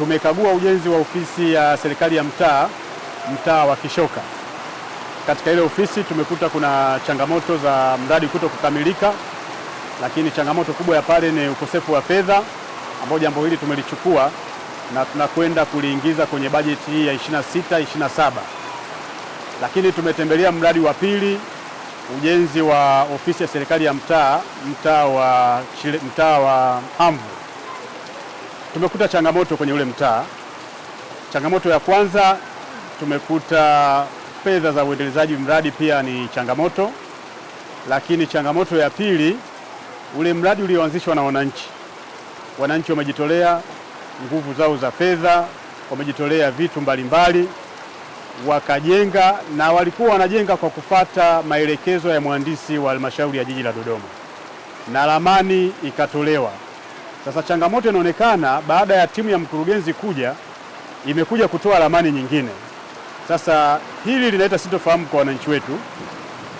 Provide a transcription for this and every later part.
Tumekagua ujenzi wa ofisi ya serikali ya mtaa mtaa wa Kishoka. Katika ile ofisi tumekuta kuna changamoto za mradi kuto kukamilika, lakini changamoto kubwa ya pale ni ukosefu wa fedha, ambao jambo hili tumelichukua na tunakwenda kuliingiza kwenye bajeti hii ya 26 27. Lakini tumetembelea mradi wa pili, ujenzi wa ofisi ya serikali ya mtaa mtaa wa, mtaa wa Hamvu Tumekuta changamoto kwenye ule mtaa. Changamoto ya kwanza tumekuta fedha za uendelezaji mradi pia ni changamoto, lakini changamoto ya pili, ule mradi ulioanzishwa na wananchi. Wananchi wamejitolea nguvu zao za fedha, wamejitolea vitu mbalimbali wakajenga, na walikuwa wanajenga kwa kufata maelekezo ya mhandisi wa halmashauri ya jiji la Dodoma na ramani ikatolewa. Sasa changamoto inaonekana baada ya timu ya mkurugenzi kuja, imekuja kutoa ramani nyingine. Sasa hili linaleta sintofahamu kwa wananchi wetu,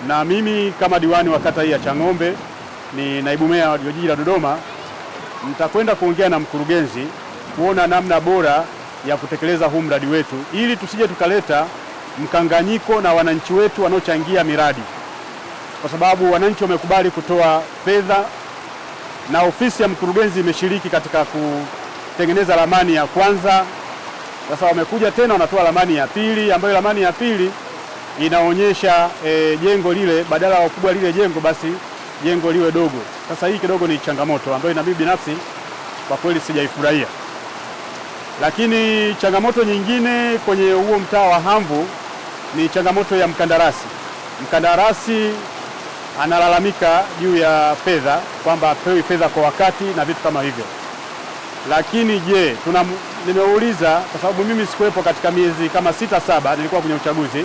na mimi kama diwani wa kata hii ya Chang'ombe ni naibu meya wa jiji la Dodoma, nitakwenda kuongea na mkurugenzi kuona namna bora ya kutekeleza huu mradi wetu ili tusije tukaleta mkanganyiko na wananchi wetu wanaochangia miradi, kwa sababu wananchi wamekubali kutoa fedha na ofisi ya mkurugenzi imeshiriki katika kutengeneza ramani ya kwanza. Sasa wamekuja tena wanatoa ramani ya pili, ambayo ramani ya pili inaonyesha e, jengo lile badala ya ukubwa lile jengo basi jengo liwe dogo. Sasa hii kidogo ni changamoto ambayo na binafsi kwa kweli sijaifurahia, lakini changamoto nyingine kwenye huo mtaa wa Hamvu ni changamoto ya mkandarasi. Mkandarasi analalamika juu ya fedha kwamba apewi fedha kwa wakati na vitu kama hivyo. Lakini je, tuna nimeuliza kwa sababu mimi sikuwepo katika miezi kama sita saba, nilikuwa kwenye uchaguzi.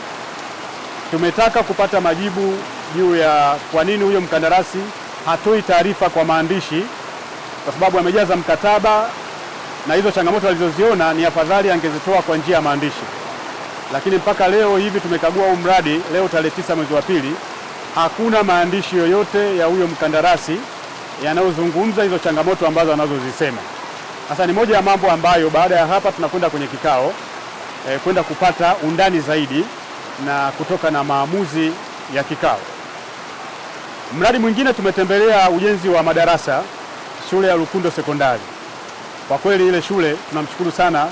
Tumetaka kupata majibu juu ya kwa nini huyo mkandarasi hatoi taarifa kwa maandishi, kwa sababu amejaza mkataba na hizo changamoto alizoziona ni afadhali angezitoa kwa njia ya maandishi. Lakini mpaka leo hivi tumekagua huu mradi leo tarehe tisa mwezi wa pili hakuna maandishi yoyote ya huyo mkandarasi yanayozungumza hizo changamoto ambazo anazozisema. Sasa ni moja ya mambo ambayo baada ya hapa tunakwenda kwenye kikao e, kwenda kupata undani zaidi na kutoka na maamuzi ya kikao. Mradi mwingine tumetembelea ujenzi wa madarasa shule ya Lukundo Sekondari. Kwa kweli ile shule tunamshukuru sana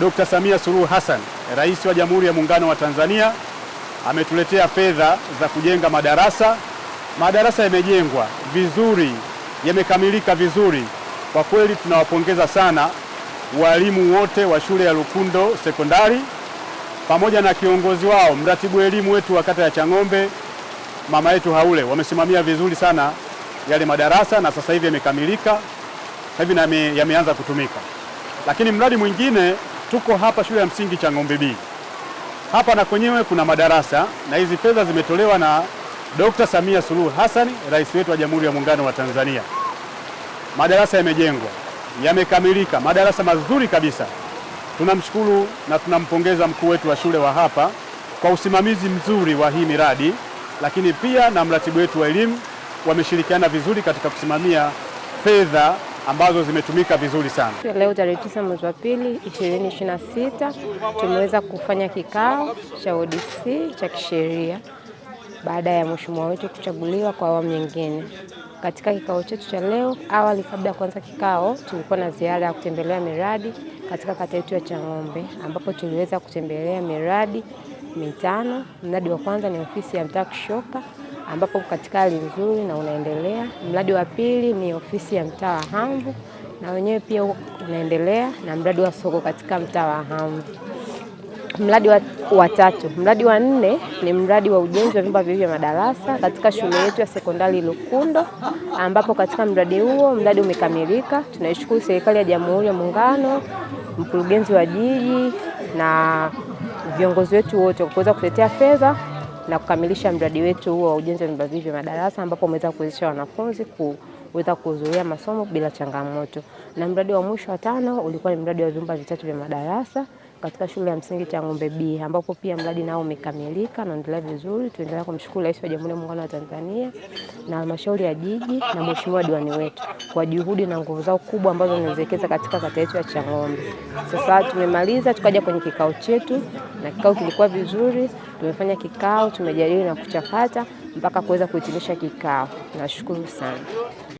Dr. Samia Suluhu Hassan, Rais wa Jamhuri ya Muungano wa Tanzania ametuletea fedha za kujenga madarasa. Madarasa yamejengwa vizuri, yamekamilika vizuri. Kwa kweli tunawapongeza sana walimu wote wa shule ya Lukundo Sekondari pamoja na kiongozi wao mratibu elimu wetu wa kata ya Chang'ombe mama yetu Haule, wamesimamia vizuri sana yale madarasa na sasa hivi yamekamilika, sasa hivi na yameanza kutumika. Lakini mradi mwingine tuko hapa shule ya msingi Chang'ombe bii hapa na kwenyewe kuna madarasa na hizi fedha zimetolewa na Dr. Samia Suluhu Hassan, rais wetu wa Jamhuri ya Muungano wa Tanzania. Madarasa yamejengwa, yamekamilika, madarasa mazuri kabisa. Tunamshukuru na tunampongeza mkuu wetu wa shule wa hapa kwa usimamizi mzuri wa hii miradi, lakini pia na mratibu wetu wa elimu wameshirikiana vizuri katika kusimamia fedha ambazo zimetumika vizuri sana. Leo tarehe tisa mwezi wa pili 2026 tumeweza kufanya kikao cha ODC cha kisheria baada ya mheshimiwa wetu kuchaguliwa kwa awamu nyingine. Katika kikao chetu cha leo, awali kabla ya kuanza kikao, tulikuwa na ziara ya kutembelea miradi katika kata yetu ya Chang'ombe ambapo tuliweza kutembelea miradi mitano. Mradi wa kwanza ni ofisi ya mtaa Kushopa ambapo katika hali nzuri na unaendelea. Mradi wa pili ni ofisi ya mtaa wa Hambu na wenyewe pia unaendelea, na mradi wa soko katika mtaa wa Hambu. Mradi wa, wa tatu. Mradi wa nne ni mradi wa ujenzi wa vyumba vya madarasa katika shule yetu ya sekondari Lukundo, ambapo katika mradi huo mradi umekamilika. Tunaishukuru serikali ya Jamhuri ya Muungano, mkurugenzi wa jiji na viongozi wetu wote kuweza kutetea fedha na kukamilisha mradi wetu huo wa ujenzi wa vyumba hivi vya madarasa ambapo umeweza kuwezesha wanafunzi kuweza kuhudhuria masomo bila changamoto. Na mradi wa mwisho wa tano ulikuwa ni mradi wa vyumba vitatu vya madarasa katika shule ya msingi Chang'ombe B ambapo pia mradi nao umekamilika naendelea vizuri. Tuendelea kumshukuru Rais wa Jamhuri ya Muungano wa Tanzania na halmashauri ya jiji na mheshimiwa diwani wetu kwa juhudi na nguvu zao kubwa ambazo wanaziwekeza katika kata yetu ya Chang'ombe. Sasa tumemaliza tukaja kwenye kikao chetu, na kikao kilikuwa vizuri. Tumefanya kikao, tumejadili na kuchakata mpaka kuweza kuhitimisha kikao. Nashukuru sana.